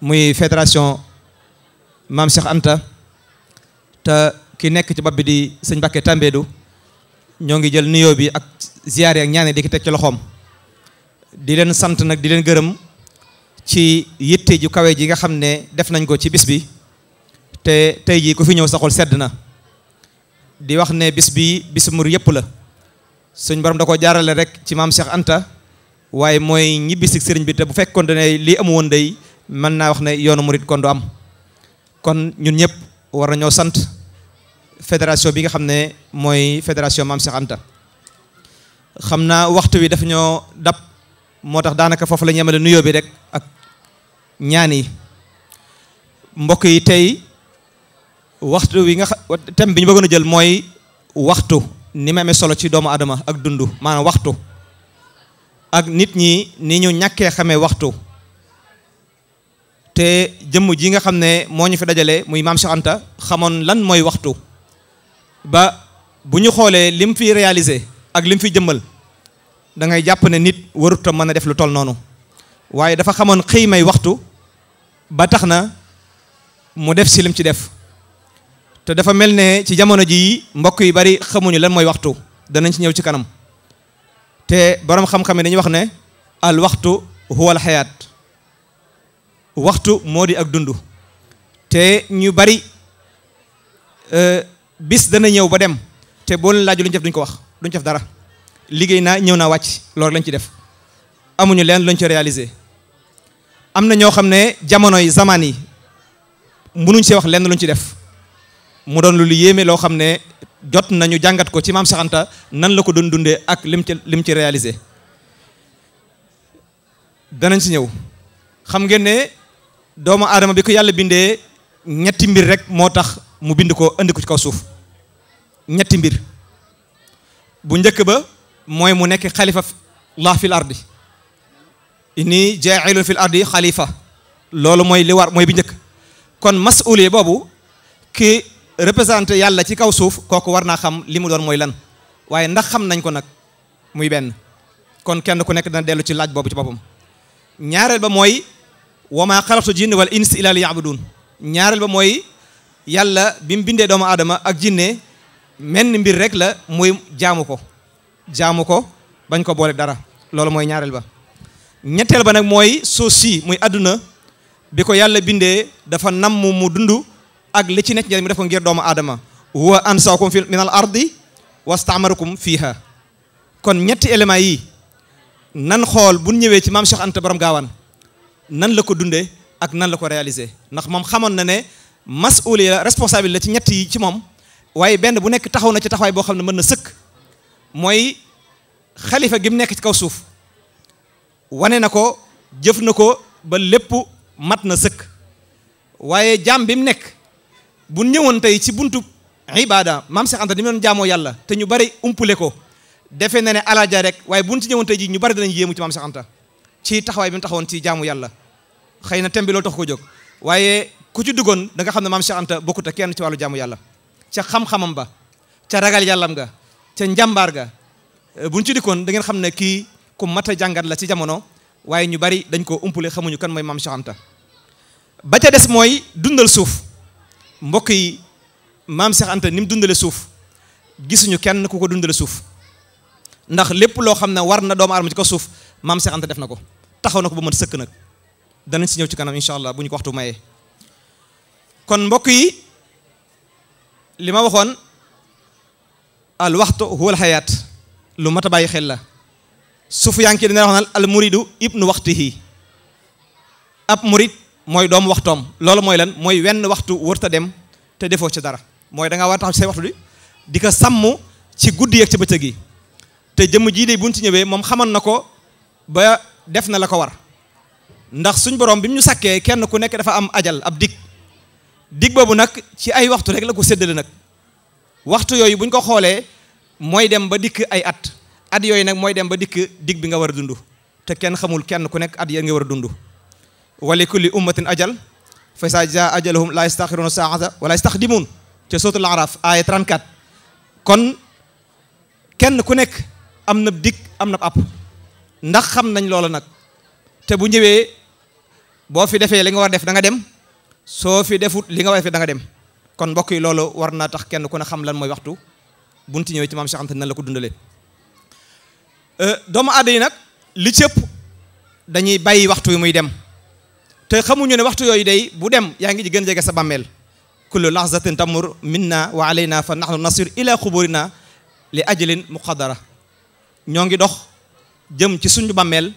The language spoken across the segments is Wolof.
muy fédération maam Cheikh Anta te ki nekk ci bopp bi di sëñ Mbacké Tambédou ñoo ngi jël nuyoo bi ak ziyaare ak ñaane di ki teg ci loxoom di leen sant nag di leen gërëm ci yitte ju kawe ji nga xam ne def nañ ko ci bis bi te tey jii ku fi ñëw saxool sedd na di wax ne bis bi bisu mur yëpp la suñ borom da ko jaarale rek ci maam Cheikh Anta waaye mooy ñibbisi sëriñ bi te bu fekkoon ne lii amu woon day mën naa wax ne yoonu murit kon du am kon ñun ñëpp war nañoo sant fédération bi nga xam ne mooy fédération Maam Cheikh xam naa waxtu wi dafa ñoo dab moo tax daanaka foofu la ñu nuyoo bi rek ak ñaan mbokk yi tey waxtu wi nga bi ñu bëggoon a jël mooy waxtu ni ma amee solo ci doomu adama ak dund maanaam waxtu ak nit ñi ni ñu ñàkkee xamee waxtu te jëmm ji nga xam ne moo ñu fi dajale muy maam Cheikh Anta xamoon lan mooy waxtu ba bu ñu xoolee lim fi réalisé ak lim fi jëmmal dangay jàpp ne nit warut a mën a def lu toll noonu waaye dafa xamoon xëy may waxtu ba tax na mu def si lim ci def te dafa mel ne ci jamono ji mbokk yi bari xamuñu lan mooy waxtu danañ ci ñëw ci kanam te boroom xam-xam yi dañuy wax ne al waxtu huwa al xayaat waxtu moo di ak dundu te ñu bari euh, bis dana ñëw ba dem te boo leen laaju lu ñu def duñ ko wax duñ def dara liggéey naa ñëw naa wàcc loolu lañ ci def amuñu leen luñ ci réaliser am na ñoo xam ne jamono yi zaman yi mënuñ see wax lenn luñ ci def mu doon lu lu yéeme loo xam ne jot nañu jàngat ko ci maam Cheikh nan la ko doon dundee ak lim ci lim ci réaliser danañ si ñëw xam ngeen doomu aadama bi ko yàlla bindee ñetti mbir rek moo tax mu bind ko andi ko ci kaw suuf ñetti mbir bu njëkk ba mooy mu nekk xalifa laa fil ardi inni jaa'ilun fil ardi xalifa loolu mooy li war mooy bi njëkk kon masuuliya boobu ki représenté yàlla ci kaw suuf kooku war naa xam li mu doon mooy lan waaye ndax xam nañ ko nag muy benn kon kenn ku nekk dana dellu ci laaj boobu ci boppam ñaareel ba mooy wa ma xalaqtu jinne wal ins illa li yabudun ñaareel ba mooy yàlla bi mu bindee doomu aadama ak jinne menn mbir rek la muy jaamu ko jaamu ko bañ ko boole dara loolu mooy ñaareel ba ñetteel ba nag mooy suuf si muy àdduna bi ko yàlla bindee dafa namm mu dundu ak li ci nekk njëriñ mu def ko ngir doomu aadama huwa ansaakum fi min al ardi wastaamarakum fiiha kon ñetti éléments yi nan xool bu ñëwee ci maam Cheikh Anta borom gaawaan nan la ko dundee ak nan la ko réaliser ndax moom xamoon na ne masuuli la responsable la ci ñett yi ci moom waaye benn bu nekk taxaw na ci taxawaay boo xam ne mën na sëkk mooy xalifa gi mu nekk ci kaw suuf wane na ko jëf na ko ba lépp mat na sëkk waaye jaam bi mu nekk bu ñëwoon tey ci buntu ibaada maam Seex Anta ni mu doon jaamoo yàlla te ñu bari umpule ko defe na ne alaaja rek waaye buñ ci ñëwoon tey ji ñu bari danañ yéemu ci maam Seex ci taxawaay bi mu taxawoon ci jaamu yàlla xëy na thème bi loolu tax ko jóg waaye ku ci duggoon danga xam ne maam Cheikh Anta bokkut ak kenn ci wàllu jaamu yàlla ca xam-xamam ba ca ragal yàllam ga ca njàmbaar ga euh, buñ ci dikkoon dangeen xam ne kii ku mat a jàngat la ci jamono waaye ñu bari dañ koo umpule xamuñu kan mooy maam Cheikh Anta ba ca des mooy dundal suuf mbokk yi maam Cheikh Anta ni mu dundale suuf gisuñu kenn ku ko dundale suuf ndax lépp loo xam ne war na doomu aadama ci suuf maam Cheikh Anta def na ko taxaw na ko ba mën sëkk nag danañ si ñëw ci kanam incha allah bu ñu ko waxtu mayee kon mbokk yi li ma waxoon al waxtu huwa al lu mat a bàyyi xel la sufyaan ki dina wax naan al muridu ibnu waxtihi ab murid mooy doom waxtoom loolu mooy lan mooy wenn waxtu wërta dem te defoo ci dara mooy danga ngaa war a taxaw say waxtu bi di ko sàmm ci guddi yeeg ci bëccëg yi te jëmm jii de buñ ci ñëwee moom xaman na ko ba def na la ko war ndax suñ borom bi mu ñu sàkkee kenn ku nekk dafa am ajal ab dig dig boobu nag ci ay waxtu rek la ko seddale nag waxtu yooyu buñ ko xoolee mooy dem ba dikk ay at at yooyu nag mooy dem ba dikk digg bi nga war a dundu te kenn xamul kenn ku nekk at ya nga war a dund wa li kulli ajal fa sa ja ajaluhum la yastaxiruna saata wala yastaxdimun ca sootul araf aaya 34 kon kenn ku nekk am na dig am na app ndax xam nañ loola nag te bu ñëwee boo fi defee li nga war def da nga dem soo fi defut li nga war def da nga dem kon mbokk yi loolu war naa tax kenn ku ne xam lan mooy waxtu bunti ñëwee ci maam Cheikh Anta nan la ko dundalee euh, doomu aada yi nag li cëpp dañuy bàyyi waxtu wi muy dem te xamuñoo ne waxtu yooyu day bu dem yaa ngi ci gën jege sa bàmmeel kullu lahzatin tamur minna wa alayna fa nahnu nasir ila xuburina li ajalin muqaddara ñoo ngi dox jëm ci suñu bàmmeel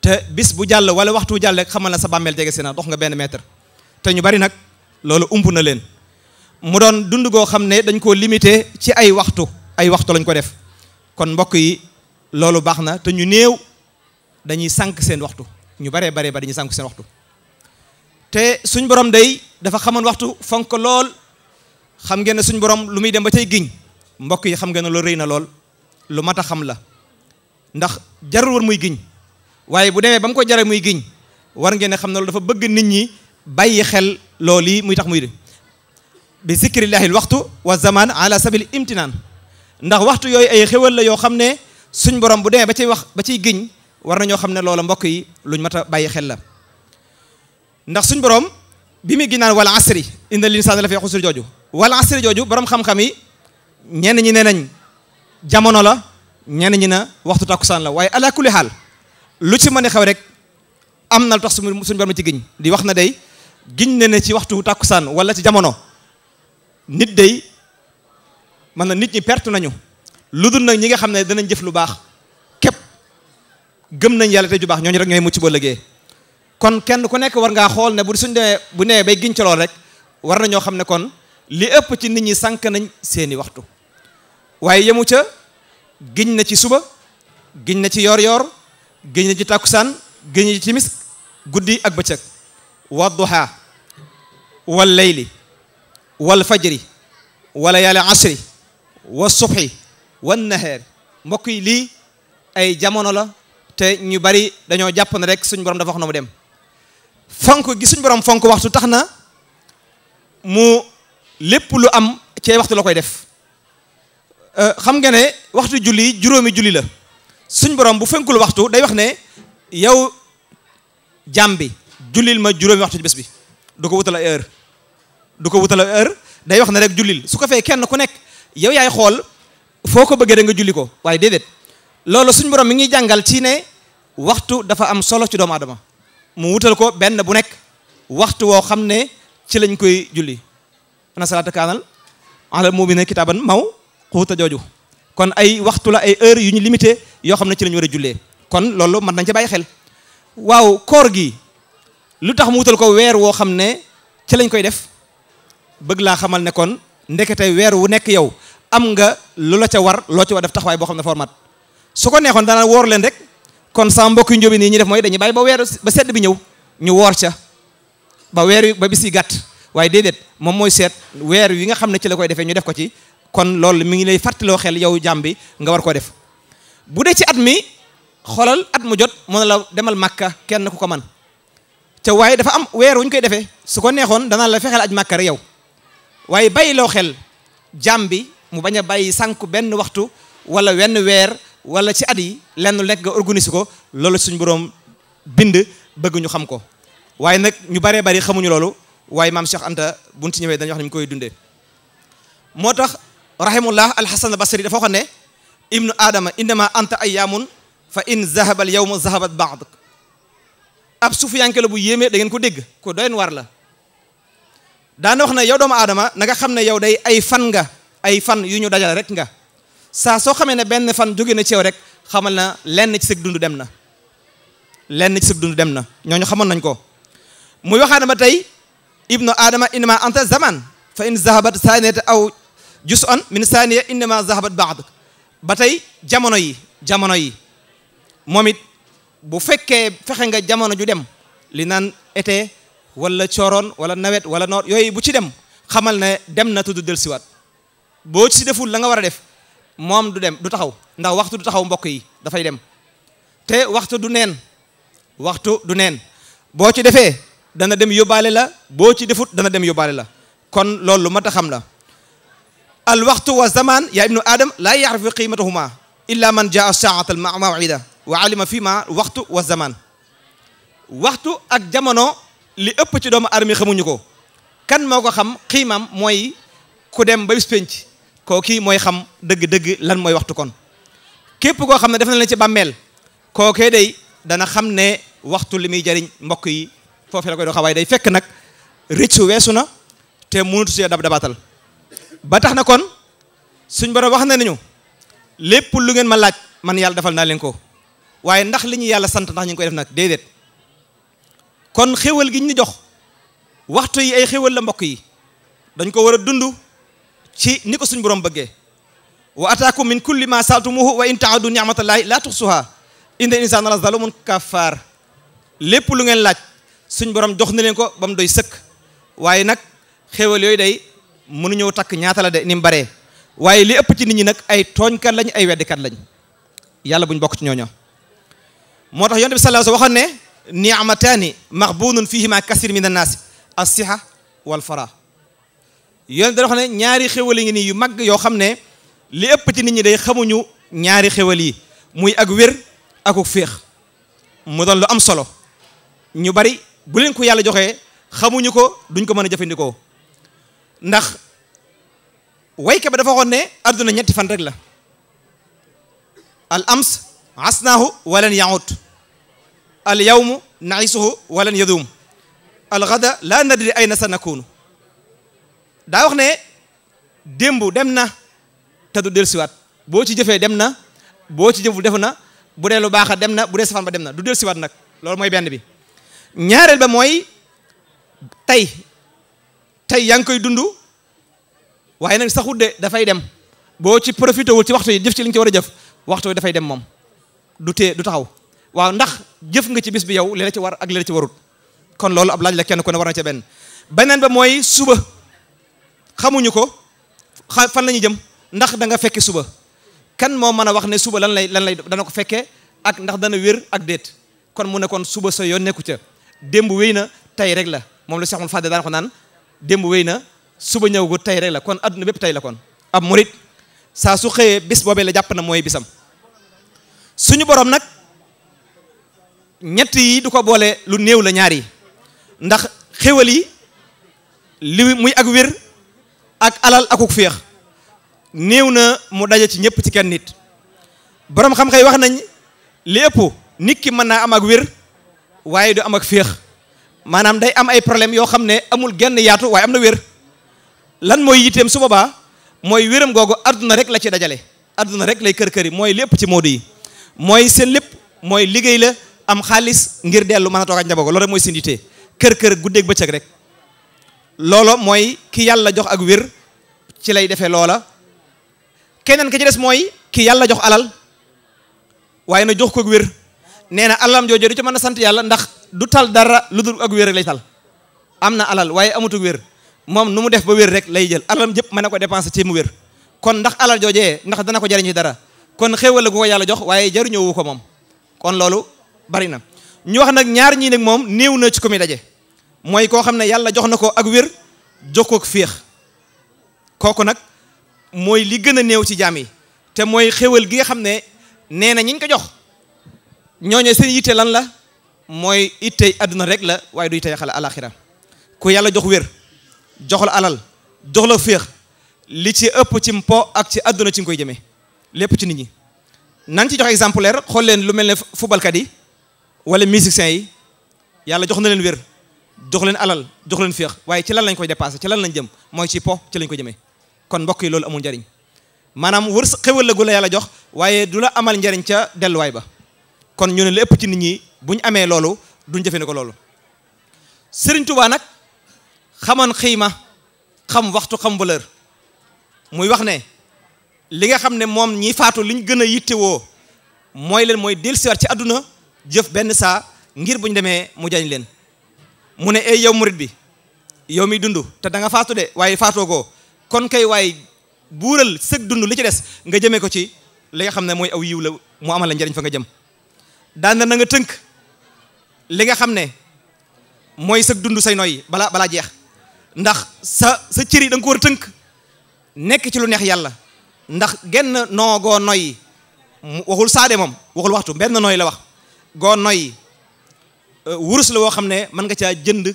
te bis bu jàll wala waxtu jàll rek xamal na sa bàmmeel jege si na dox nga benn mètre te ñu bari nag loolu ump na leen mu doon dund goo xam ne dañ koo limité ci ay waxtu ay waxtu lañ ko def kon mbokk yi loolu baax na te ñu néew dañuy sànq seen waxtu ñu baree baree ba dañuy sànq seen waxtu te suñ borom day dafa xamoon waxtu fonk lool xam ngeen ne suñ borom lu muy dem ba cay giñ mbokk yi xam ngeen ne loolu rey na lool lu mat a xam la ndax jarul war muy giñ waaye bu demee ba mu ko jare muy giñ war ngeene xam ne loolu dafa bëgg nit ñi bàyyi xel loolu yi muy tax muy di bi zikrillahil waxtu wa zaman ala sabil imtinaan ndax waxtu yooyu ay xéwal la yoo xam ne suñ borom bu demee ba ciy wax ba ciy giñ war nañoo xam ne loola mbokk yi luñ mat a bàyyi xel la ndax suñ boroom bi muy ginnaan wal asri inna l insaana la fi xusri jooju wal asri jooju boroom xam-xam yi ñenn ñi nee nañ jamono la ñenn ñi na waxtu takkusaan la waaye ala kulli xaal lu ci mën a xew rek am na lu tax mu suñu borom ci giñ di wax na day giñ ne ne ci waxtu takkusaan wala ci jamono nit day man na nit ñi perte nañu lu dul nag ñi nga xam ne danañ jëf lu baax képp gëm nañ yàlla te ju baax ñooñu rek ñooy mucc ba lëgee kon kenn ku nekk war ngaa xool ne bu suñ demee bu nee bay giñ ci lool rek war na ñoo xam ne kon li ëpp ci nit ñi sànq nañ seeni waxtu waaye yemu giñ na ci suba giñ na ci yor-yor giñ na ci tàkkusaan giñ na ci timis guddi ak bëccëg wa duha wal layli wal fajri wala yàlla asri wa subhi wan naheer mbokk yi lii ay jamono la te ñi bari dañoo jàpp rek suñ borom dafa wax na mu dem fonk gi suñ borom fonk waxtu tax na mu lépp lu am ci waxtu la koy def Euh, xam nga ne waxtu julli juróomi julli la suñ borom bu fenkul waxtu day wax ne yow jàmm bi jullil ma juróomi waxtu ci bés bi du ko wutal heure du ko wutal heure day wax ne rek jullil su ko fee kenn ku nekk yow yaay xool foo ko bëggee da nga julli ko waaye déedéet loolo suñ borom mi ngi jàngal ci ne waxtu dafa am solo ci doomu adama mu wutal ko benn bu nekk waxtu woo xam ne ci lañ koy julli ana salaata kaanal ala mu'miniina kitaaban maw xuuta jooju kon ay waxtu la ay heure yu ñu limité yoo xam ne ci la war a jullee kon loolu mën nañ ci bàyyi xel waaw koor gi lu tax mu wutal ko weer woo xam ne ci lañ koy def bëgg laa xamal ne kon ndekete weer wu nekk yow am nga lu la ca war loo ci war def taxawaay boo xam ne format su ko neexoon dana woor leen rek kon sama mbokki njóbin yi ñu def mooy dañuy bàyyi ba weer ba sedd bi ñëw ñu woor ca ba weer wi ba bis yi gàtt waaye déedéet moom mooy seet weer wi xam ne ci la koy defee ñu def ko ci kon loolu mi ngi lay fàttaloo xel yow jàmm bi nga war koo def bu dee ci at mi xoolal at mu jot mu ne la demal makka kenn ku ko man te waaye dafa am weer wuñ koy defee su ko neexoon dana la fexeel aj màkka rek yow waaye bàyyi loo xel jàmm bi mu bañ a bàyyi sànku benn waxtu wala wenn weer wala ci at yi lenn nekk nga organiser ko lool suñ boroom bind bëgg xam ko waaye nag ñu baree bari xamuñu loolu waaye maam Cheikh Anta buñ ci ñëwee dañuy wax ni mu koy dundee moo tax rahimullah alxasan albasri dafa waxoon ne ibnu aadama innama anta ayaamun fa in zahabal yawma zahabat baaduk ab suufiyanke la bu yéemee da ngeen ko dégg ko doyen war la daana wax na yow doomu aadama na xam ne yow day ay fan nga ay fan yu ñu dajal rek nga sa soo xamee ne benn fan jóge na cew rek xamal na lenn ci sëg dund dem na lenn ci sëg dund dem na ñooñu xamoon nañ ko muy waxaadama tey ibnu aadama innama anta zaman fa in zahabat sanete aw jus on min saaniya innama zahabat baad ba tey jamono yi jamono yi moom it bu fekkee fexe nga jamono ju dem li naan été wala cooroon wala nawet wala noor yooy bu ci dem xamal ne dem na tudd del siwaat boo ci deful la nga war a def moom du dem du taxaw ndax waxtu du taxaw mbokk yi dafay dem te waxtu du neen waxtu du neen boo ci defee dana dem yóbbaale la boo ci defut dana dem yóbbaale la kon loolu lu mat a xam la al waxtu wa zaman ya ibnu adam laa yarifu qimatahuma illa man jaa saat al mawida wa alima fi ma waxtu wa zaman waxtu ak jamono li ëpp ci doomu armi xamuñu ko kan moo ko xam xiimam mooy ku dem ba bis penc kooki mooy xam dëgg-dëgg lan mooy waxtu kon képp koo xam ne def na ci bàmmeel kookee day dana xam ne waxtu li muy jariñ mbokk yi foofee la koy doxa waaye day fekk nag rëccu weesu na te mënut see dab dabatal ba tax na kon suñ borom wax na nañu lépp lu ngeen ma laaj man yàlla defal naa leen ko waaye ndax li ñu yàlla sant ndax ñu ngi koy def nag déedéet kon xéwal gi ñu jox waxtu yi ay xéwal la mbokk yi dañ ko war a dund ci ni ko suñ borom bëggee wa ataakum min kulli ma saaltumuhu wa in taadu ni'matallahi laa tuxsuha inna insaana la zalumun kafaar lépp lu ngeen laaj suñ borom jox na leen ko ba mu doy sëkk waaye nag xéwal yooyu day ñëw takk ñaata la de ni mu waaye li ëpp ci nit ñi nag ay tooñkat lañ ay weddikat lañ yàlla buñ bokk ci ñooño moo tax yonent bi sallallahu alayhi wa sallam waxoon ne ni'mataani maxbuunun maa kasir na annaasi as-siha wal fara yonent dana wax ne ñaari xéwal yi ngi nii yu mag yoo xam ne li ëpp ci nit ñi day xamuñu ñaari xéwal yi muy ak wér aku féex mu doon lu am solo ñu bari bu leen ko yàlla joxe xamuñu ko duñ ko mën a jëfandikoo ndax wayka ba dafa waxoon ne adduna ñetti fan rek la al ams asnaahu walan yaut al yawmu naisuhu walan yaduum al gada la nadri ayna sa nakunu daa wax ne démb dem na te du dellusiwaat boo ci jëfee dem na boo ci jëful defu na bu dee lu baax a dem na bu dee safaan ba dem na du dellusiwaat nag loolu mooy benn bi ñaareel ba mooy tey tey yaa ngi koy dund waaye nag saxut de dafay dem boo ci profité wul ci waxtu yi jëf ci li ci war a jëf waxtu yi dafay dem moom du tee du taxaw waaw ndax jëf nga ci bis bi yow li la ci war ak li ci warut kon loolu ab laaj la kenn ku ne war na ca benn beneen ba mooy suba xamuñu ko fan la ñuy jëm ndax da nga fekke suba kan moo mën a wax ne suba lan lay lan lay dana ko fekkee ak ndax dana wér ak déet kon mu ne kon suba sa yoon nekku ca démb wéy na tey rek la moom la Cheikh Moul Fadel daan ko naan démb wéy na suba ñëwagul tey rek la kon adduna bépp tey la kon am murit saa su xëyee bis boobee la jàpp na mooy bisam suñu borom nag ñett yi du ko boole lu néew la ñaar ndax xéwal yi li muy ak wér ak alal akuk féex néew na mu daje ci ñëpp ci kenn nit borom xam-xam yi wax nañ li ëpp nit ki mën naa am ak wér waaye du am ak féex maanaam day am ay problème yoo xam ne amul genn yaatu waaye am na wér lan mooy yitteem su boobaa mooy wéram googu adduna rek la ci dajale adduna rek lay kër kër yi mooy lépp ci moodu yi mooy seen lépp mooy liggéey la am xaalis ngir dellu mën a toog ak mooy seen yitte kër kër guddeeg bëccëg rek loolo mooy ki yàlla jox ak wér ci lay defee loola keneen ki ci des mooy ki yàlla jox alal waaye na jox ko ak wér nee na alalam jooju du ci mën a sant yàlla ndax du tal dara lu dul ak wér lay tal am na alal waaye amatul wér moom nu mu def ba wér rek lay jël alalam jëpp mën na ko dépenser ci mu wér kon ndax alal joojee ndax dana ko jariñ ci dara kon xéewal la ko yàlla jox waaye jariñoowu ko moom kon loolu bari na ñu wax nag ñaar ñii nag moom néew na ci ko mi daje mooy koo xam ne yàlla jox na ko ak wér jox ko ak kooku nag mooy li gën a néew ci jaam yi te mooy xéewal gi xam ne nee na ñiñ ko jox ñooñu seen yitte lan la mooy ittey àdduna rek la waaye du yittey xale alaxira ku yàlla jox wér jox la alal jox la féex li ci ëpp ci mpo ak ci àdduna ci nga koy jëmee lépp ci nit ñi nan ci jox exemplaire xool leen lu mel ne footballkat yi wala musiciens yi yàlla jox na leen wér jox leen alal jox leen féex waaye ci lan lañ koy dépassé ci lan lañ jëm mooy ci po ci lañ ko jëmee kon mbokk yi loolu amul njariñ maanaam wërs xéwal la gu la yàlla jox waaye du la amal njariñ ca delluwaay ba kon ñu ne lépp ci nit ñi buñ amee loolu duñ ko loolu sëriñ tubaa nag xaman xiima xam waxtu xam valeur muy wax ne li nga xam ne moom ñi faatu liñ gën a yittewoo mooy leen mooy dellusiwaat ci àdduna jëf benn saa ngir buñ demee mu jañ leen mu ne ey yow murit bi yow mi dund te da nga faatu de waaye faatoo ko kon kay waaye buural sëg dund li ci des nga jëmee ko ci li nga xam ne mooy aw yiw la mu amal la njariñ fa nga jëm daan na nga tënk li nga xam ne mooy sa dund say noyyi balaa balaa jeex ndax sa sa cëri da nga ko tënk nekk ci lu neex yàlla ndax genn noogoo noyyi waxul saade moom waxul waxtu benn nooy la wax goo noyyi euh, wurus la woo xam ne mën nga caa jënd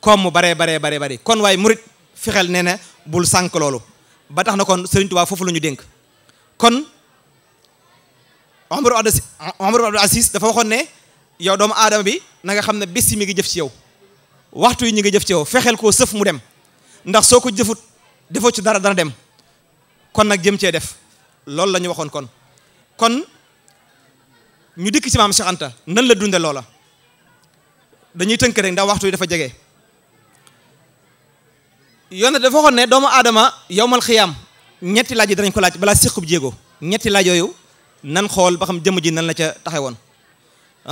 koom mu baree baree baree bari kon waaye murit fexeel nee na bul sànk loolu ba tax na kon Sëriñ Tuubaa foofu la ñu dénk kon Omar Abdou Omar Abdou Aziz dafa waxoon ne yow doomu aadama bi nanga xam ne bés yi mi ngi jëf ci yow waxtu yi ñu ngi jëf ci yow fexeel koo sëf mu dem ndax soo ko jëfut defoo ci dara dana dem kon nag jëm cee def loolu la ñu waxoon kon kon ñu dikk ci maam Cheikh Anta nan la dunde loola dañuy tënk rek ndax waxtu yi dafa jege yonent dafa waxoon ne doomu aadama yowmal xiyaam ñetti laaj yi danañ ko laaj balaa siqub jéego ñetti laaj yooyu nan xool ba xam jëmm ji nan la ca taxe woon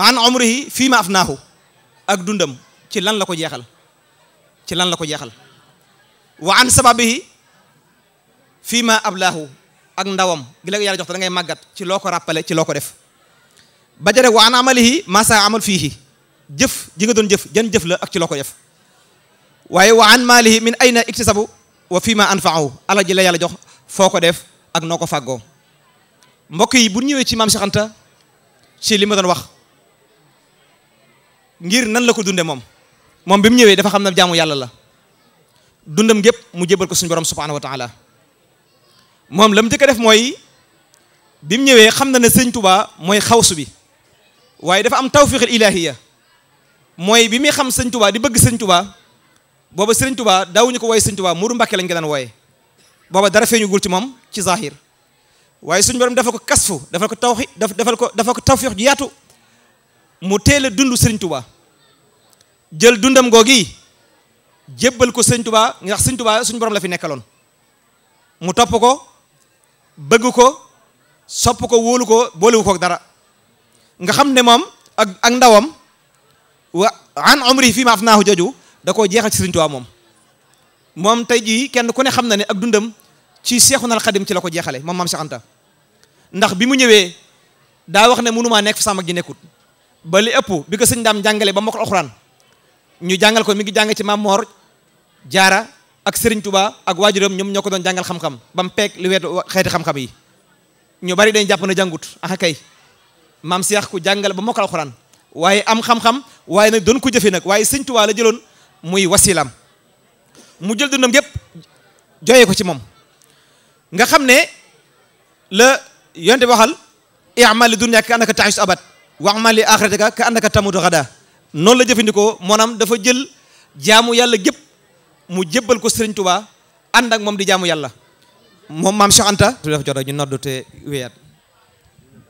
an umrihi fii ma ak dundam ci lan la ko jeexal ci lan la ko jeexal wa an sababihi fii ma ak ndawam gi la yàlla jox da ngay màggat ci loo ko rappelé ci loo ko def ba wa an amalihi ma sa amal fiihi jëf ji nga doon jëf jan jëf la ak ci loo yef waaye wa an maalihi min ayna iktisabu wa fii ma anfaahu alal la yàlla jox foo ko def ak noo ko fàggoo mbokk yi bu ñëwee ci maam Cheikh Anta ci li ma doon wax ngir nan la ko dunde moom moom bi mu ñëwee dafa xam na jaamu yàlla la dundam gépp mu jébal ko suñu borom subhanahu wa taala moom la mu a def mooy bi mu ñëwee xam na ne sëñ Touba mooy xawsu bi waaye dafa am tawfiqil ilahiya mooy bi muy xam sëñ Touba di bëgg sëñ Touba booba sëñ Touba daawuñu ko wooye sëñ Touba Mourou Mbacke lañ ko daan wooye booba dara feeñugul ci moom ci zahir waaye suñ borom dafa ko kasfu dafa ko tawxi dafal ko dafa ko tawfiix ju yaatu mu teel a dund sëriñ jël dundam googi jébbal ko sëriñ tubaa ndax sëriñ tubaa suñu borom la fi nekkaloon mu topp ko bëgg ko sopp ko wóolu ko boolewu ko dara nga xam ne moom ak ak ndawam wa an umri fii ma afnaahu jooju da koo jeexal ci sëriñ moom moom tey jii kenn ku ne xam na ne ak dundam ci seexu nal xadim ci la ko jeexale moom mam Cheikh ndax bi mu ñëwee daa wax ne mënumaa nekk fa sama gi nekkut ba li ëpp bi ko sëñ daam jàngale ba mokkal alxuraan ñu jàngal ko mi ngi jàng ci Maam Moor Jaara ak Serigne Touba ak waajuram ñoom ñoo ko doon jàngal xam-xam ba mu peeg li weetu xeeti xam-xam yi ñu bari dañ jàpp na jàngut ah kay maam Cheikh ku jàngale ba mokkal alxuraan waaye am xam-xam waaye nag doon ko jëfe nag waaye sëñ Touba la jëloon muy wasilam mu jël dundam yépp jooyee ko ci moom nga xam ne la yonte waxal i'mal li dunya ka annaka ka annaka tamutu ghadan noonu la jëfandikoo maanaam dafa jël jaamu yàlla gépp mu jébbal ko Serigne Touba ànd ak di jaamu yàlla moom maam Cheikh Anta tu dafa jot ñu noddu te wéyaat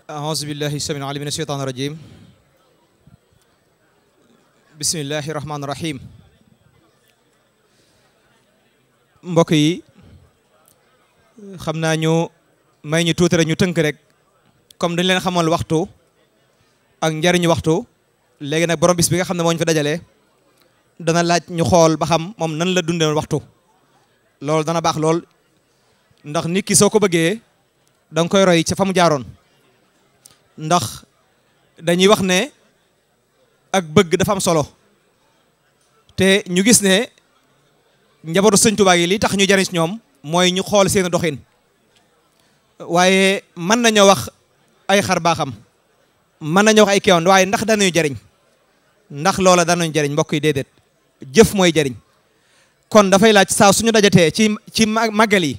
a'udhu billahi samil alim minash shaitanir rajim bismillahi rahmanir rahim mbokk xam naa may ñu tuuti rek ñu tënk rek comme dañ leen xamal waxtu ak njariñu waxtu léegi nag borom bis bi nga xam ne moo ñu dajalee dana laaj ñu xool ba moom nan la dundee waxtu loolu dana baax lool ndax nit ki soo ko bëggee da nga koy roy ca fa mu jaaroon ndax dañuy wax ne ak bëgg dafa am solo te ñu gis ne njabootu sëñ Tuubaa yi li tax ñu jariñ si ñoom mooy ñu xool seen doxin waaye mën nañoo wax ay xar baaxam mën nañoo wax ay kiiwaan waaye ndax danañu jariñ ndax loola danañu jariñ mbokk yi déedéet jëf mooy jariñ kon dafay laaj saa suñu dajatee ci ci màggal yi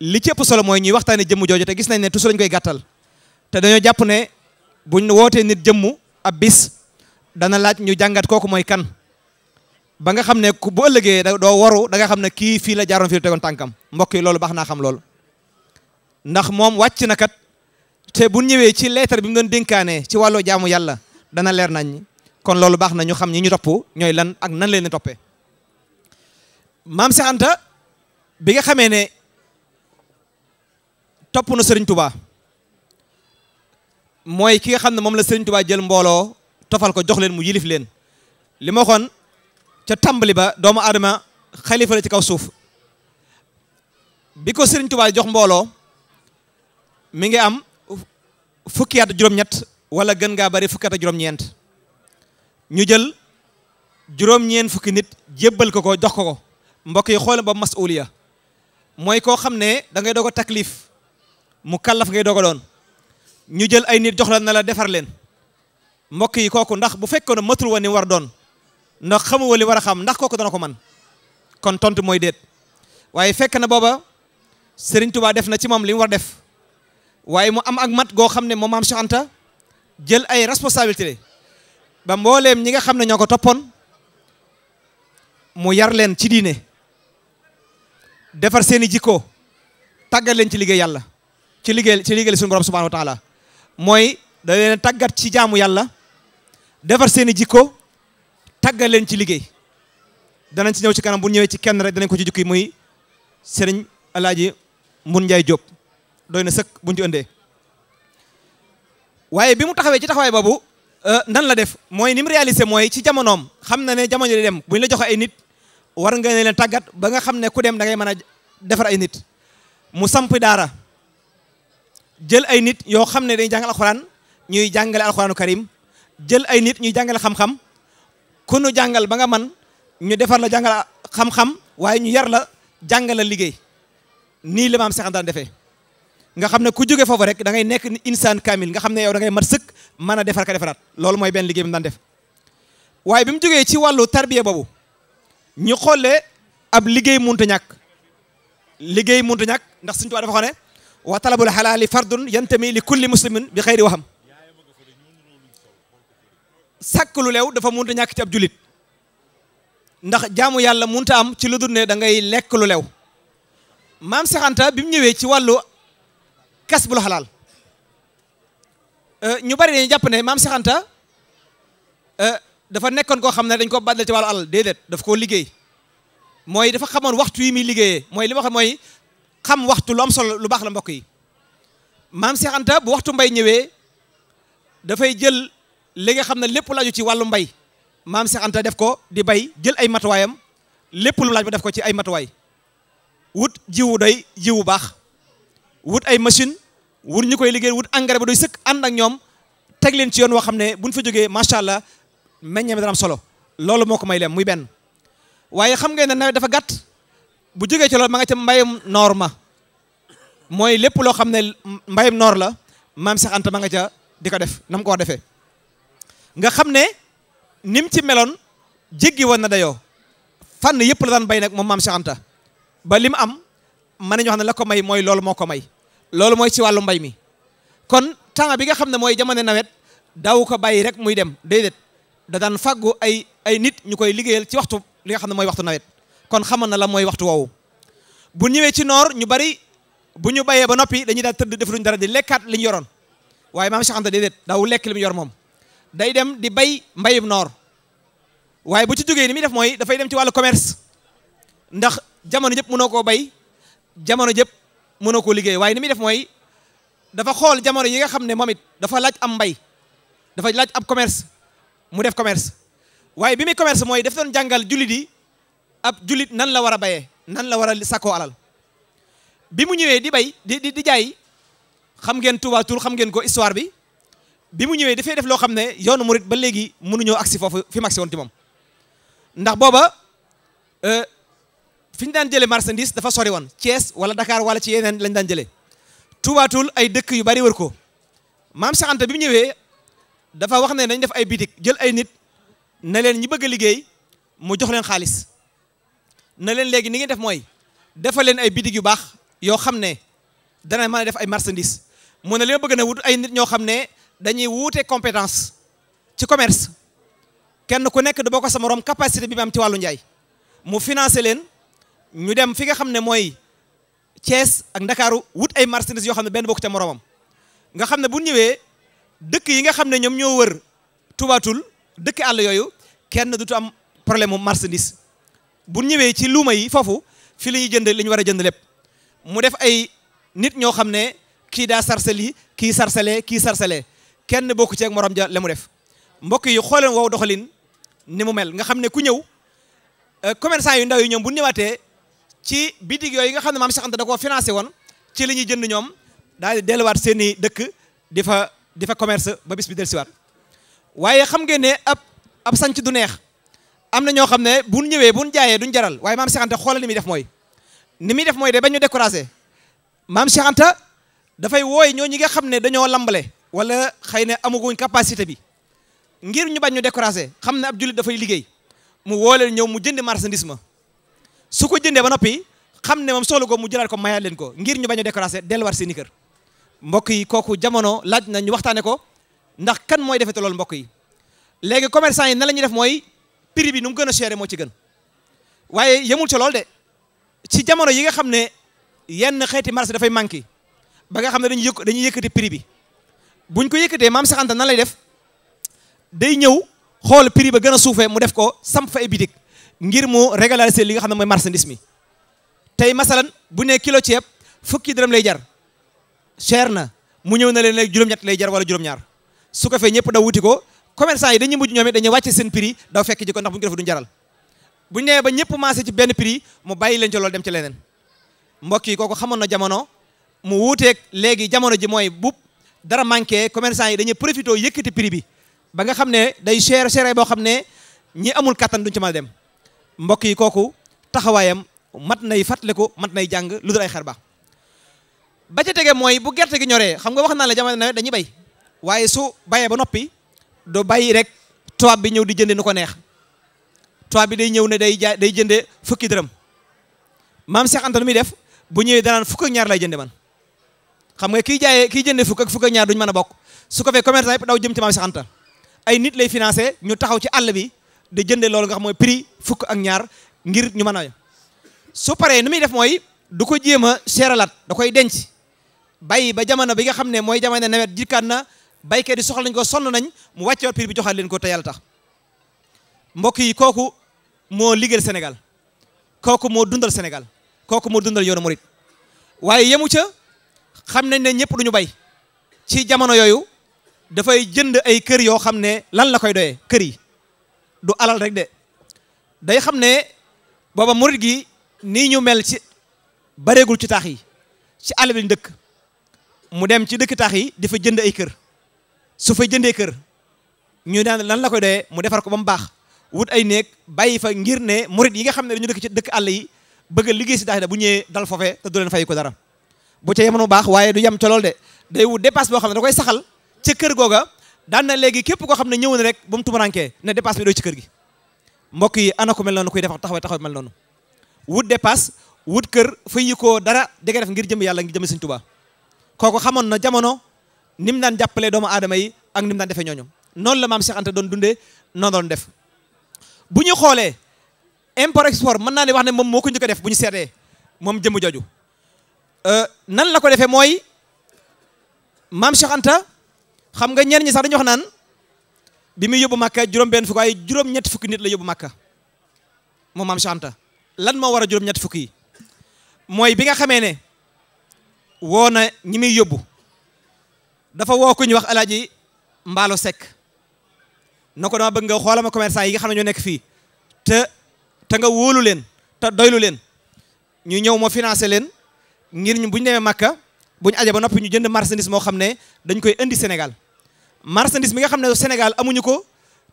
li ci solo mooy ñuy waxtaane jëmm jooju te gis nañ ne toujours dañ koy gàttal te dañoo jàpp ne buñ wootee nit jëmmu ab bis dana laaj ñu jàngat kooku mooy kan ba nga xam ne ku bu ëllëgee doo waru da nga xam ne kii fii la jaaroon fii tegoon tànkam mbokk yi loolu baax naa xam loolu ndax moom wàcc na kat te bu ñëwee ci leetar bi mu doon dénkaane ci wàllu jaamu yàlla dana leer nañ kon loolu baax na ñu xam ñi ñu topp ñooy lan ak nan leen toppe maam si bi nga xamee ne topp na Serigne Touba mooy ki nga xam ne moom la Serigne Touba jël mbooloo tofal ko jox leen mu yilif leen li ma ca tàmbali ba doomu aadama xalifa ci kaw suuf bi ko Serigne Touba jox mbooloo. mi ngi am fukki at juróom-ñett wala gën ngaa bari fukki at juróom-ñeent ñu jël juróom-ñeent fukki nit jébbal ko ko jox ko ko mbokk yi xool ba masuliya mooy koo xam ne da ngay doog a taklif mu kallaf ngay doog a doon ñu jël ay nit jox la na la defar leen mbokk yi kooku ndax bu fekkoon matul woon ni war doon ndax xamu li war a xam ndax kooku dana ko man kon tont mooy déet waaye fekk na booba Serigne Touba def na ci moom li mu war def. waaye mu am ak mat goo xam ne moom am Cheikh jël ay responsabilité ba mbooleem ñi nga xam ne ñoo ko toppoon mu yar leen ci diine defar seeni i jikko tàggat leen ci liggéey yàlla ci liggéey ci liggéey suñu borom mooy da leen tàggat ci jaamu yàlla defar seeni jikko tàggat leen ci liggéey danañ ci ñëw ci kanam bu ñëwee ci kenn rek danañ ko ci jukki muy sëriñ alaaji Mun Njaay Jóob dooy na sëkk buñ ci ëndee waaye bi mu taxawee ci taxawaay boobu euh, nan la def mooy ni mu mooy ci jamonoom xam na ne jamono di dem buñ la joxe ay nit war nga leen tàggat ba nga xam ne ku dem dangay ngay mën a defar ay nit mu samp daara jël ay nit yoo xam ne dañuy jàngal alxuraan ñuy jàngale alxuraanu karim jël ay nit ñuy jàngale xam-xam ku nu jàngal ba nga man ñu defar la jàngal xam-xam waaye ñu yar la jàngal la liggéey nii la maam Seex defee nga xam ne ku jóge foofu rek da ngay nekk insaan kaamil nga xam ne yow da mat sëkk mën a defar ka defaraat loolu mooy benn liggéey bi mu daan def waaye bi mu jógee ci wàllu tarbiya boobu ñu xoolee ab liggéey muntu ñàkk liggéey muntu ñàkk ndax suñu tubaab dafa xone wa talabul xalaali fardun yantami li kulli muslimin bi xayri waxam sàkk lu leew dafa munta ñàkk ci ab julit ndax jaamu yàlla munta am ci lu dul ne da ngay lekk lu leew maam Seex Anta kas bul xalaal euh, ñu bari dañuy jàpp ne maam Seex Anta euh, dafa nekkoon koo xam ne dañ ko bàddal ci wàllu alal déedéet daf koo liggéey mooy dafa xamoon waxtu yi mi liggéeyee mooy li ma mooy xam waxtu lu solo lu baax la mbokk yi maam Seex Anta bu waxtu mbay ñëwee dafay jël li nga xam ne lépp laaju ci wàllu mbay maam Seex Anta def ko di bay jël ay matuwaayam lépp lu laaj ba def ko ci ay matuwaay wut jiwu doy jiwu baax wut ay machine wut ñu koy liggéey wut engrais ba doy sëkk ànd ak ñoom teg leen ci yoon woo xam ne buñ fa jógee macha allah meññee mi am solo loolu moo ko may leen muy benn waaye xam nga ne nawet dafa gàtt bu jógee ci loolu ma nga ca mbayum noor ma mooy lépp loo xam ne mbayum noor la maam Seex ma nga ca di ko def nam mu ko war defee nga xam ne ni mu ci meloon jéggi woon na dayoo fànn yëpp la daan bay nag moom maam Seex Anta ba li mu am mën nañu wax ne la ko may mooy loolu moo ko may loolu mooy ci wàllu mbay mi kon temps bi nga xam ne mooy jamono nawet daaw ko bàyyi rek muy dem déedéet da daan fàggu ay ay nit ñu koy liggéeyal ci waxtu li nga xam ne mooy waxtu nawet kon xamal na la mooy waxtu woowu bu ñëwee ci noor ñu bari bu ñu bayee ba noppi dañuy daal tëdd def luñ dara di lekkaat li ñu yoroon waaye maam Cheikh Anta déedéet daaw lekk li mu yor moom day dem di bay mbayum noor waaye bu ci jógee ni muy def mooy dafay dem ci wàllu commerce ndax jamono jëpp mënoo koo bay jamono jëpp mënoo koo liggéey waaye ni muy def mooy dafa xool jamono yi nga xam ne moom it dafa laaj am mbay dafa laaj ab commerce mu def commerce waaye bi muy commerce mooy daf doon jàngal jullit yi ab jullit nan la war a bayee nan la war a sakkoo alal bi mu ñëwee di bay di di jaay xam ngeen Touba Toul xam ngeen ko histoire bi bi mu ñëwee dafay def loo xam ne yoonu murit ba léegi mënuñoo agsi foofu fi mu agsi ci moom ndax booba euh, fi ñu daan jëlee marchandise dafa sori woon cees wala Dakar wala ci yeneen lañ daan jëlee tuubaatul ay dëkk yu bari wër ko maam Cheikh Anta bi ñëwee dafa wax ne nañ def ay bitik jël ay nit na leen ñi bëgg liggéey mu jox leen xaalis na leen léegi ni ngeen def mooy defal leen ay bitik yu baax yoo xam ne dana mën def ay marchandise mu ne li ma bëgg na wut ay nit ñoo xam ne dañuy wuute compétence ci commerce kenn ku nekk du bokk sa morom capacité bi am ci wàllu njaay mu financé leen. ñu dem fi nga xam ne mooy Thiès ak Ndakaaru wut ay marchandises yoo xam ne benn bokku te moroomam nga xam ne bu ñëwee dëkk yi nga xam ne ñoom ñoo wër tubaatul dëkk àll yooyu kenn dutu am problème mu marchandise bu ñëwee ci luuma yi foofu fi la ñuy jënd li ñu war a jënd lépp mu def ay nit ñoo xam ne kii daa sarsali kii sarsalee kii sarsalee kenn bokku ci moroom morom ja la mu def mbokk yi xooleen wow doxalin ni mu mel nga xam ne ku ñëw euh, commerçant yu ndaw yi ñoom ci bitig yooyu nga xam ne maam Cheikh Anta da koo financé woon ci li ñuy jënd ñoom daal delluwaat seeni dëkk di fa di commerce ba bis bi siwaat waaye xam ngeen ne ab ab sanc du neex am na ñoo xam ne bu ñëwee bu ñu jaayee duñ jaral waaye maam Cheikh Anta li muy def mooy ni muy def mooy de ba ñu découragé maam Cheikh Anta dafay wooy ñoo ñi nga xam ne dañoo lambale wala xëy na amaguñ capacité bi ngir ñu bañ ñu découragé xam ne ab jullit dafay liggéey mu woo ñëw mu jëndi marchandise su ko jëndee ba noppi xam ne moom soxla ko mu jëlaat ko mayaat leen ko ngir ñu bañ a décourager delluwaat seeni kër mbokk yi kooku jamono laaj nañu ñu waxtaane ko ndax kan mooy defete loolu mbokk yi léegi commerçant yi na la ñuy def mooy prix bi nu mu gën a cher moo ci gën waaye yemul ci lool de ci jamono yi nga xam ne yenn xeeti marché dafay manqué ba nga xam ne dañu yëkk dañuy yëkkati prix bi buñ ko yëkkatee maam saxanta nan lay def day ñëw xool prix ba gën a suufee mu def ko samp fa ngir mu régulariser li nga xam ne mooy marchandise mi tey masalan bu ne kilo ceeb fukki dërëm lay jar cher na mu ñëw na leen léegi juróom lay jar wala juróom-ñaar su ko fee ñëpp daw wuti ko commerçant yi dañuy mujj ñoom it dañuy wàcce seen prix daw fekk ji ko ndax bu ñu ko def jaral bu ñu ba ñëpp maase ci benn prix mu bàyyi leen ci dem ci leneen mbokk yi kooku xamoon na jamono mu wuuteeg léegi jamono ji mooy bu dara manqué commerçant yi dañuy profité yëkkati prix bi ba xam ne day cher cher boo xam ne ñi amul kattan duñ ci mën dem mbokk yi kooku taxawaayam mat nay fàttaliku mat nay jàng lu dul ay xar baax ba ca tege mooy bu gerte gi ñoree xam nga wax naa la jamono nawet dañuy bay waaye su bayee ba noppi du bay rek tubaab bi ñëw di jënde nu ko neex tubaab bi day ñëw ne day jaay day jënde fukki dërëm maam Cheikh Anta lu muy def bu ñëwee danaan fukk ñaar lay jënde man xam nga kiy jaayee kiy jënde fukk fukk ñaar duñ mën a bokk su ko fee commerçant yëpp daw jëm ci maam Cheikh ay nit lay financé ñu taxaw ci àll bi di jëndee loolu nga xam mooy prix fukk ak ñaar ngir ñu mën a su paree nu muy def mooy du ko jéem a seeralaat da koy denc bay ba jamono bi nga xam ne mooy jamono nawet jikkaat na baykat yi soxla nañ ko sonn nañ mu wàcceewaat bi joxaat leen ko te tax mbokk yi kooku moo liggéeyal Sénégal kooku moo dundal Sénégal kooku moo dundal yoonu murit waaye yemu ca xam nañ ne ñëpp ñu bay ci jamono yooyu dafay jënd ay kër yoo xam ne lan la koy doyee kër yi du alal rek de day xam ne booba murit gi nii ñu mel ci bareegul ci taax yi ci àll bi dëkk mu dem ci dëkk taax yi di fa jënd ay kër su fa jëndee kër ñu daan lan la koy dee mu defar ko ba mu baax wut ay néeg bàyyi fa ngir ne murit yi nga xam ne dañu dëkk ci dëkk àll yi bëgg a liggéey si taax da bu ñëwee dal foofee te du leen fay ko dara bu ca yemoon bu baax waaye du yem ca lool de day wut dépasse boo xam ne da koy saxal ca kër googa daan na léegi képp koo xam ne ñëw na rek boom mu ne dépasse bi doy ci kër gi mbokk yi ana ko mel noonu kuy defa taxawaay taxawaay mel noonu wut dépasse wut kër fay yi koo dara di nga def ngir jëm yàlla ngir jëm Sëñ Tuubaa kooku xamoon na jamono ni mu daan jàppalee doomu aadama yi ak ni mu daan defee ñooñu noonu la maam Cheikh Anta doon dunde non doon def ñu xoolee import export mën naa ne wax ne moom moo ko njëkk a def bu ñu seetee moom jëmm jooju euh, la ko defee mooy maam Cheikh xam nga ñenn ñi sax dañu wax naan bi muy yóbbu Makka juróom-benn fukk fukki nit la yóbbu Makka moom maam Cheikh lan moo war a juróom-ñetti fukk mooy bi nga xamee ne woo na ñi muy yóbbu dafa woo ku ñu wax alaaji mbaalo sekk na ko dama bëgg nga xoolama commerçant yi nga xam ne ñoo nekk fii te te nga wóolu leen te doylu leen ñu ñëw moo financé leen ngir ñu bu ñu demee Makka bu ñu aje ba noppi ñu jënd marchandise moo xam ne dañ koy indi Sénégal marchandise mi nga xam ne Sénégal amuñu ko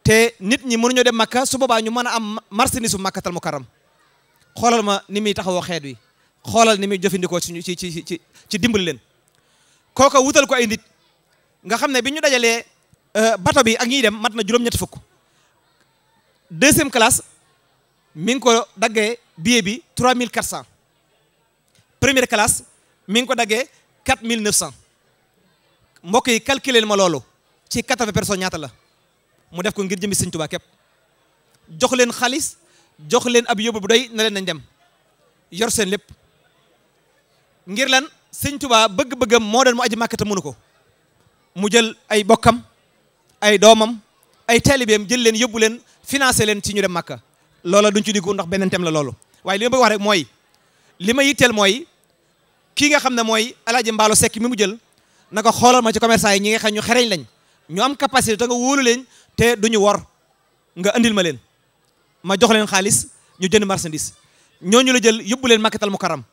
te nit ñi mënuñoo dem Makka su boobaa ñu mën a am marchandise su Makkatal Mukarram xoolal ma ni muy taxawoo xeet wi xoolal ni muy jëfandikoo ci ci ci ci ci dimbali leen kooka wutal ko ay nit nga xam ne bi ñu dajalee euh, bato bi ak ñiy dem mat na juróom-ñetti fukk deuxième classe mi ngi ko dagge billet bi trois mille quatre cent première classe mi ngi ko dagge quatre mille neuf cent mbokk yi calculer ma loolu ci quatre-vingts personnes ñaata la mu def ko ngir jëmbi sëñ Tuubaa képp jox leen xaalis jox leen ab yóbbu bu doy na leen nañ dem yor seen lépp ngir lan sëñ Tuubaa bëgg-bëggam moo doon mu aji Màkka te mënu ko mu jël ay bokkam ay doomam ay taalibeem jël leen yóbbu leen financé leen ci ñu dem Màkka loola duñ ci diggu ndax beneen tem la loolu waaye li ma bëgg wax rek mooy li ma yitteel mooy kii nga xam ne mooy alaaji mbaalo sekk mi mu jël na ko xoolal ma ci commerçant yi ñi nga xam ñu lañ ñu am capacité te nga wóolu leen te duñu wor nga andil ma leen ma jox leen xaalis ñu jënd ñoo ñu la jël yóbbu leen makkatal mu karam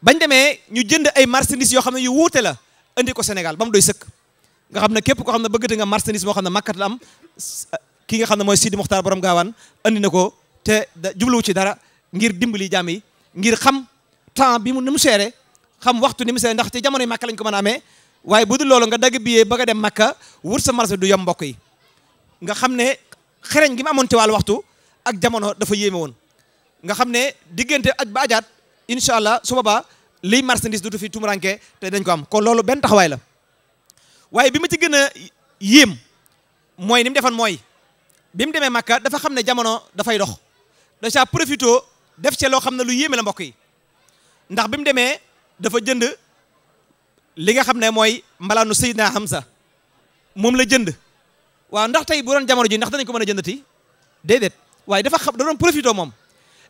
bañ demee ñu jënd ay marchandise yoo xam ne yu wuute la andi ko Sénégal ba mu doy sëkk nga xam ne képp koo xam ne bëggati nga marchandise moo xam ne makkat am ki nga xam ne mooy Sidi Mokhtar borom gaawaan andi na ko te jubluwu ci dara ngir dimbali jaam yi ngir xam temps bi mu ni mu seere xam waxtu ni mu seere ndax jamono yi lañ ko mën a amee waaye bu dul loolu nga dagg billet ba nga dem Makka wut sa marché du yom mbokk yi nga xam ne xereñ gi mu amoon ci wàllu waxtu ak jamono dafa yéeme woon nga xam ne diggante aj ba ajaat incha allah su boobaa liy marchandise dutu fi tumuranke te dañ ko am kon loolu benn taxawaay waaye bi ma ci gën a yéem mooy ni mu mooy bi mu demee Makka dafa xam ne jamono dafay dox dèjà profito def ci loo xam ne lu yéeme la mbokk yi ndax bi mu demee dafa jënd li nga xam ne mooy mbalaanu Seydina Hamza moom la jënd waaw ndaxte tey bu doon ji ndax danañ ko mën a ti déedéet waaye dafa xam da doon moom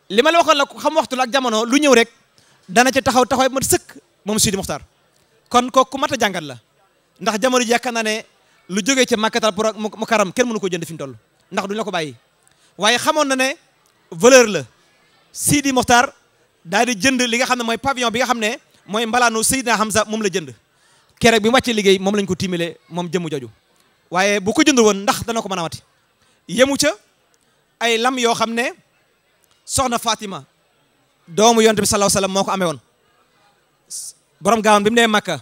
li ma la waxoon la xam waxtu la ak jamono lu ñëw rek dana ca taxaw taxaw ma sëkk moom Sidi Muxtaar kon kooku ku mat a jàngat la ndax jamono ji yaakaar naa ne lu jógee ca Makkatal mu karam kenn mënu ko jënd fi mu toll ndax duñ ko bàyyi waaye xamoon na ne valeur la Sidi Muxtaar daal di jënd li xam ne mooy pavillon bi nga xam ne mooy mbalaanu Seydina Hamza moom la jënd keroog bi mu wàccee liggéey moom lañ ko tiimale moom jëmu joju waaye bu ko jënd woon ndax dana ko mën a wati yemu ca ay lam yoo xam ne soxna Fatima doomu yonte bi sallallahu alayhi wasallam moo ko amee woon borom gaawoon bi mu Makka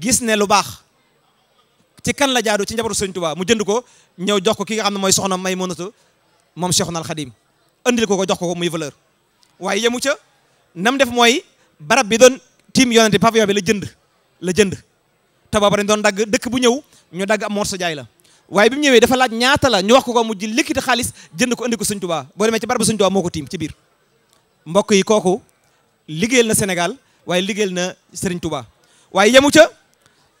gis ne lu baax ci kan la jaadu ci njabootu Sëriñ Tuubaa mu jënd ko ñëw jox ko ki nga xam ne mooy soxna Maymunatu moom Cheikhul Khadim andil ko ko jox ko ko muy valeur waaye yemu ca nam def mooy barab bi tiim yonente pavillon bi la jënd la jënd taba booba dañ doon dagg dëkk bu ñëw ñu dagg am morso jaay la waaye bi ñëwee dafa laaj ñaata la ñu wax ko ko mujj likkiti xaalis jënd ko indi ko Sëñ Tuubaa boo demee ci barab Sëñ Tuubaa moo ko tiim ci biir mbokk yi kooku liggéeyal na senegal waaye liggéeyal na Sëriñ Tuubaa waaye yemu ca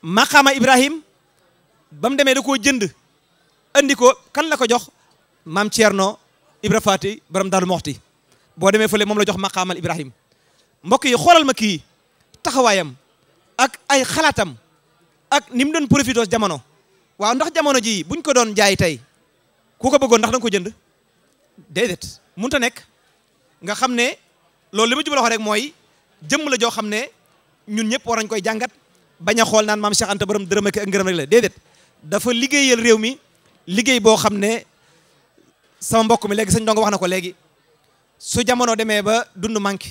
maqaama Ibrahim ba demee da koo jënd andi ko kan la ko jox maam Thierno Ibra borom Daaru Moxti boo demee fële moom la jox maqaamal Ibrahim mbokk yi xoolal ma kii taxawaayam ak ay xalaatam ak ni mu doon profité jamono waaw ndax jamono ji buñ ko doon jaay tey ku ko bëggoon ndax da ko jënd déedéet mun ta nekk nga xam ne loolu li ma jubal wax rek mooy jëmm la joo xam ne ñun ñëpp war nañ koy jàngat bañ a xool naan maam Cheikh Anta borom dërëm ak ngërëm rek la déedéet dafa liggéeyal réew mi liggéey boo xam ne sama mbokk mi léegi sañ dong wax na ko léegi su jamono demee ba dund manqué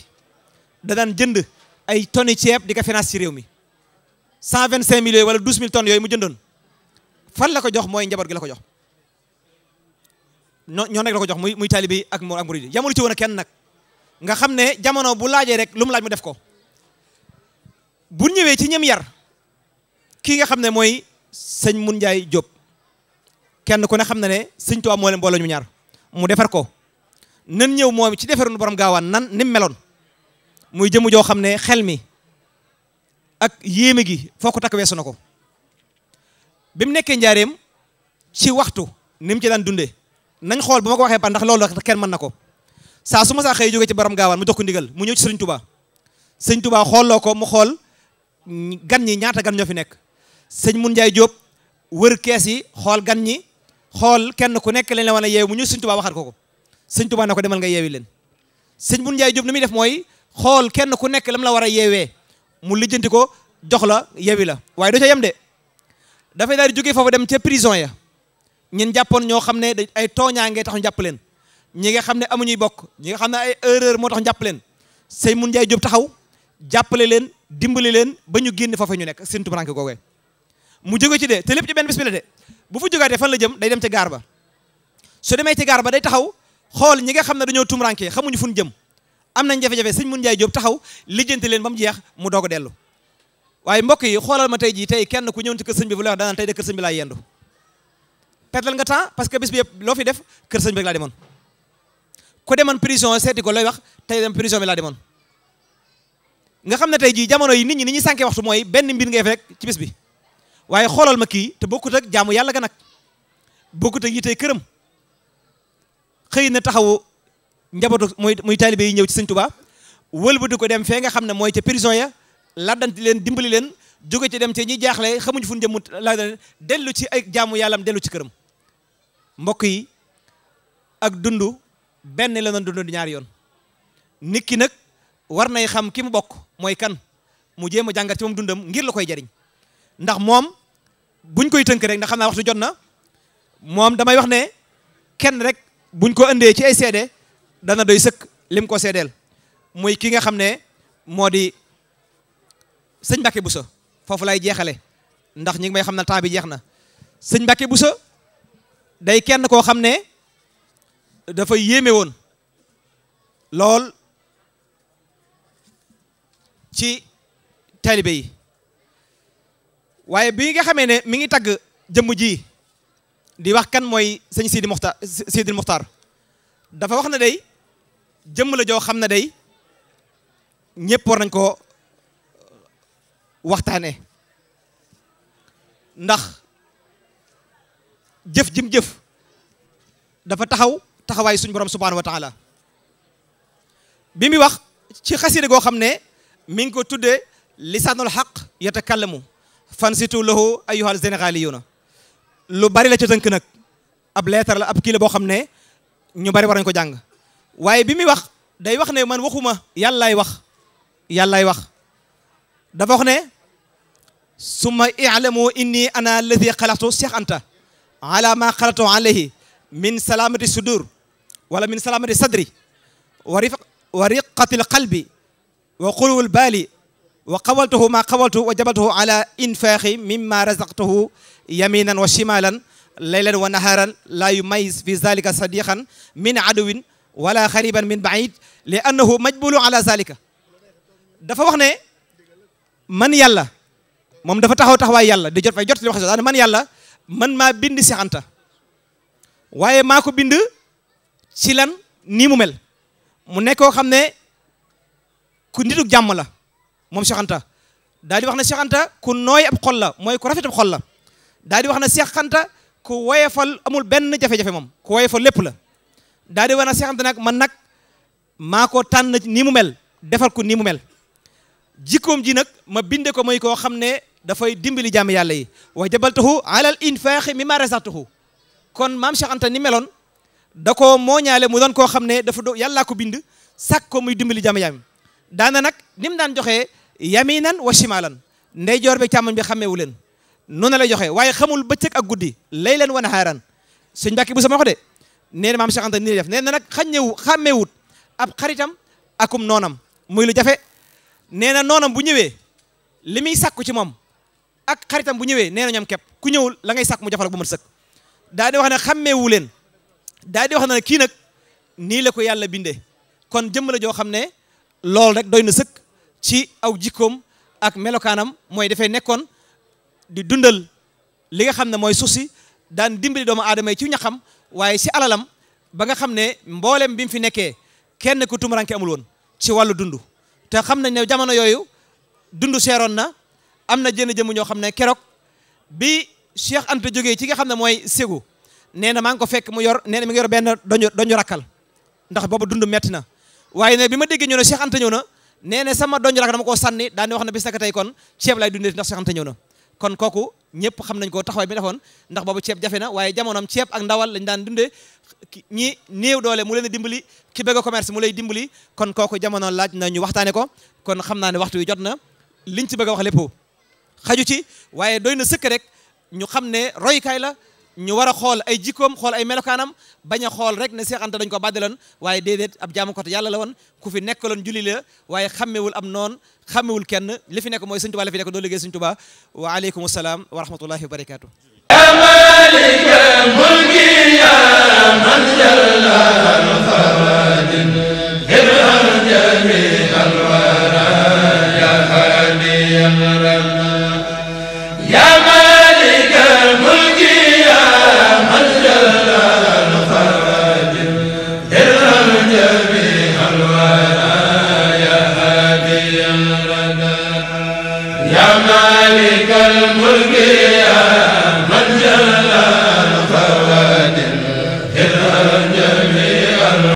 da jënd ay tonni ceeb di ko finance ci réew mi cent vingt cinq mille yooyu wala douze mille tonnes yooyu mu jëndoon fan la ko jox mooy njaboot gi la ko jox ñoo ñoo nag la ko jox muy muy taalibe yi ak mu ak murid yi yamul ci woon kenn nag nga xam ne jamono bu laajee rek lu mu laaj mu def ko bu ñëwee ci ñem yar kii nga xam ne mooy sëñ mun njaay Diop kenn ku ne xam ne ne sëñ Tuubaa moo leen boole ñu ñaar mu defar ko nan ñëw moom ci defaruñu borom gaawaan nan ni meloon muy jëmm joo xam ne xel mi ak yéeme gi foo ko takk weesu na ko bi mu nekkee njaareem ci waxtu ni ci daan dundee nañ xool bu ma ko waxee ba ndax loolu kenn mën na ko saa su ma saa xëy jógee ci borom gaawaan mu jox ko ndigal mu ñëw ci sëriñ tubaa sëñ tubaa xooloo ko mu xool gan ñi ñaata gan ñoo fi nekk sëñ mun njaay jóob wër kees yi xool gan ñi xool kenn ku nekk leen la wan a yeew mu ñëw sëñ tubaa waxaat ko ko sëñ tubaa na ko demal nga yeewi leen sëñ mun njaay jóob def mooy xool kenn ku nekk lam la war a yeewee mu lijjanti ko jox la yewi la waaye doo ca yem de dafa daal di jógee foofu dem ca prison ya ñun jàppoon ñoo xam ne da ay tooñaangee tax ñu leen ñi nga xam ne amuñuy bokk ñi xam ne ay erreur moo tax ñu jàpp leen say mun jaay jóob taxaw jàppale leen dimbali leen ba ñu génn foofu ñu nekk seen tumuranke googee mu jóge ci de te lépp ci benn bis bi la de bu fa jógaatee fan la jëm day dem ca gaar ba su demee ci gaar ba day taxaw xool ñi nga xam ne dañoo tumuranke xamuñu fu ñu jëm am nañ jafe-jafe sëñ mun njaay jóob taxaw lijjanti leen ba mu jeex mu doog a dellu waaye mbokk yi xoolal ma tey jii tey kenn ku ñëw ci kër sëñ bi bu la wax danaan tey de kër sëñ bi laa yendu nga temps parce que bi yëpp loo fi def kër sëñ bi rek demoon ku demoon prison seeti ko looy wax tey dem prison laa demoon nga xam ne tey jii jamono yi nit ñi ni ñuy sànkee waxtu mooy benn mbir ngay fi rek ci bis bi waaye xoolal ma kii te bokkut ak jaamu yàlla ga nag bokkut ak tey këram xëy na taxawu njabootu muy muy taalibe yi ñëw ci sëñ Tuubaa wëlbati ko dem fee nga xam ne mooy ca prison ya laddanti leen dimbali leen jóge ci dem ci ñi jaaxle xamuñu fu ñu jëm la dellu ci ay jaamu yàllam dellu ci këram mbokk yi ak dund benn la doon dund di ñaari yoon nit ki nag war nay xam ki mu bokk mooy kan mu jéem a jàngat ci moom dundam ngir la koy jariñ ndax moom buñ koy tënk rek ndax xam naa waxtu jot na moom damay wax ne kenn rek buñ ko indee ci ay seede dana doy sëkk lim ko seddeel muy ki nga xam ne moo di sëñ bu sa foofu lay jeexale ndax ñi may xam ne temps bi jeex na sëñ bu Bousso day kenn koo xam ne dafa yéeme woon lool ci taalibe yi waaye bi nga xamee ne mi ngi tagg jëmm ji di wax kan mooy sëñ Sidi Mokhtar Sidi Mokhtar dafa wax na day jëmm la joo xam ne day ñëpp war nañ ko waxtaane ndax jëf jim jëf dafa taxaw taxawaay suñ borom subhanahu wa taala bi muy wax ci xasida goo xam ne mi ko tuddee lisaanul xaq fan yatakallamu fansitu lahu ayyuhal sénégaliyuuna lu bari la ci tënk nag ab leetar la ab kii la boo xam ne ñu bari war nañ ko jàng waaye bi muy wax day wax ne man waxuma yàllaay wax yàllaay wax dafa wax ne summa i'lamu inni ana alladi xalaqtu Cheikh Anta ala ma xalaqtu alayhi min salaamati sudur wala min salaamati sadri wa riq wa riqati alqalbi wa quluwi albaali wa qawaltuhu ma qawaltu wa jabaltuhu ala infaaxi mimma razaqtuhu yaminan wa shimalan laylan wa naharan la yumayis fi zalika sadiqan min aduwin wala xariban min baid li annahu majbulu ala zalika dafa wax ne man yàlla moom dafa taxaw taxawaay yàlla di jot fay jot li wax daane man yàlla man maa bind Seex Anta waaye maa ko bind ci lan nii mel mu nekk koo xam ne ku nitu jàmm la moom Seex Anta wax ne Seex Anta ku nooy ab xol mooy ku rafet ab xol la daal di wax ne Seex Anta ku woyefal amul benn jafe-jafe moom ku woyefal lépp la daa di wane Cheikh Anta nag man nag maa ko tànn ni mu mel defar ko ni mu jikkoom ji nag ma binde ko moy koo xam ne dafay dimbali jàmm yàlla yi wa jabaltahu alal infaaxi mi ma razaqtahu kon maam Cheikh ni meloon da ko mooñaale mu doon koo xam ne dafa do yàllaa ko bind sàkk ko muy dimbali jàmm yàlla daana nag ni mu daan joxee yaminan wa shimalan ndeyjoor bi càmmoñ bi xameewu leen noonu la lay joxe waaye xamul bëccëg ak guddi laylan wa nahaaran suñ mbàkki bu sama wax nee na maam Cheikh nii def nee na nag xàññewu xàmmeewut ab xaritam akum noonam muy lu jafe nee na noonam bu ñëwee li muy sàkku ci moom ak xaritam bu ñëwee nee na ñoom képp ku ñëwul la ngay sàkk mu jafal bu mat sëkk daal di wax ne xàmmeewu leen daal di wax ne kii nag nii la ko yàlla bindee kon jëmm joo xam ne loolu rek doy na sëk ci aw jikkoom ak melokaanam mooy dafay nekkoon di dundal li nga xam ne mooy suuf si daan dimbali doomu aadama yi ci ñaxam waaye si alalam ba nga xam ne mboolem bi mu fi nekkee kenn ku tumuranke amul woon ci wàllu dund te xam nañ ne jamono yooyu dund seeroon na am na jën jëmu ñoo xam ne keroog bi Cheikh Anta jógee ci nga xam ne mooy Ségou nee na maa ngi ko fekk mu yor nee na mi ngi yor benn doñu doñu rakkal ndax boobu dund metti na waaye ne bi ma déggee ñu ne Cheikh Anta ñëw na nee na sama doñu rakkal dama koo sànni daan wax ne bis naka tey kon ceeb laay dundee ndax Cheikh Anta ñëw na kon kooku ñëpp xam nañ ko taxawaay bi defoon ndax boobu ceeb jafe na waaye jamonoom ceeb ak ndawal lañ daan dundee ñi néew doole mu na dimbali ki bëgg commerce mu lay dimbali kon kooku jamono laaj na ñu waxtaane ko kon xam naa ne waxtu wi jot na liñ ci bëgg a wax lépp xaju ci waaye doy na sëkk rek ñu xam ne roykaay la ñu war a xool ay jikkoom xool ay melokaanam bañ a xool rek ne seexanta Anta dañ ko bàddiloon waaye déedéet ab jaamu kot yàlla la woon ku fi nekkaloon julli la waaye xammewul am noon xammewul kenn li fi nekk mooy Sëñ Tuubaa la fi nekk doo liggéey Sëñ Tuubaa wa aleykum salaam wa rahmatullahi wa barakaatu amalika mulki ya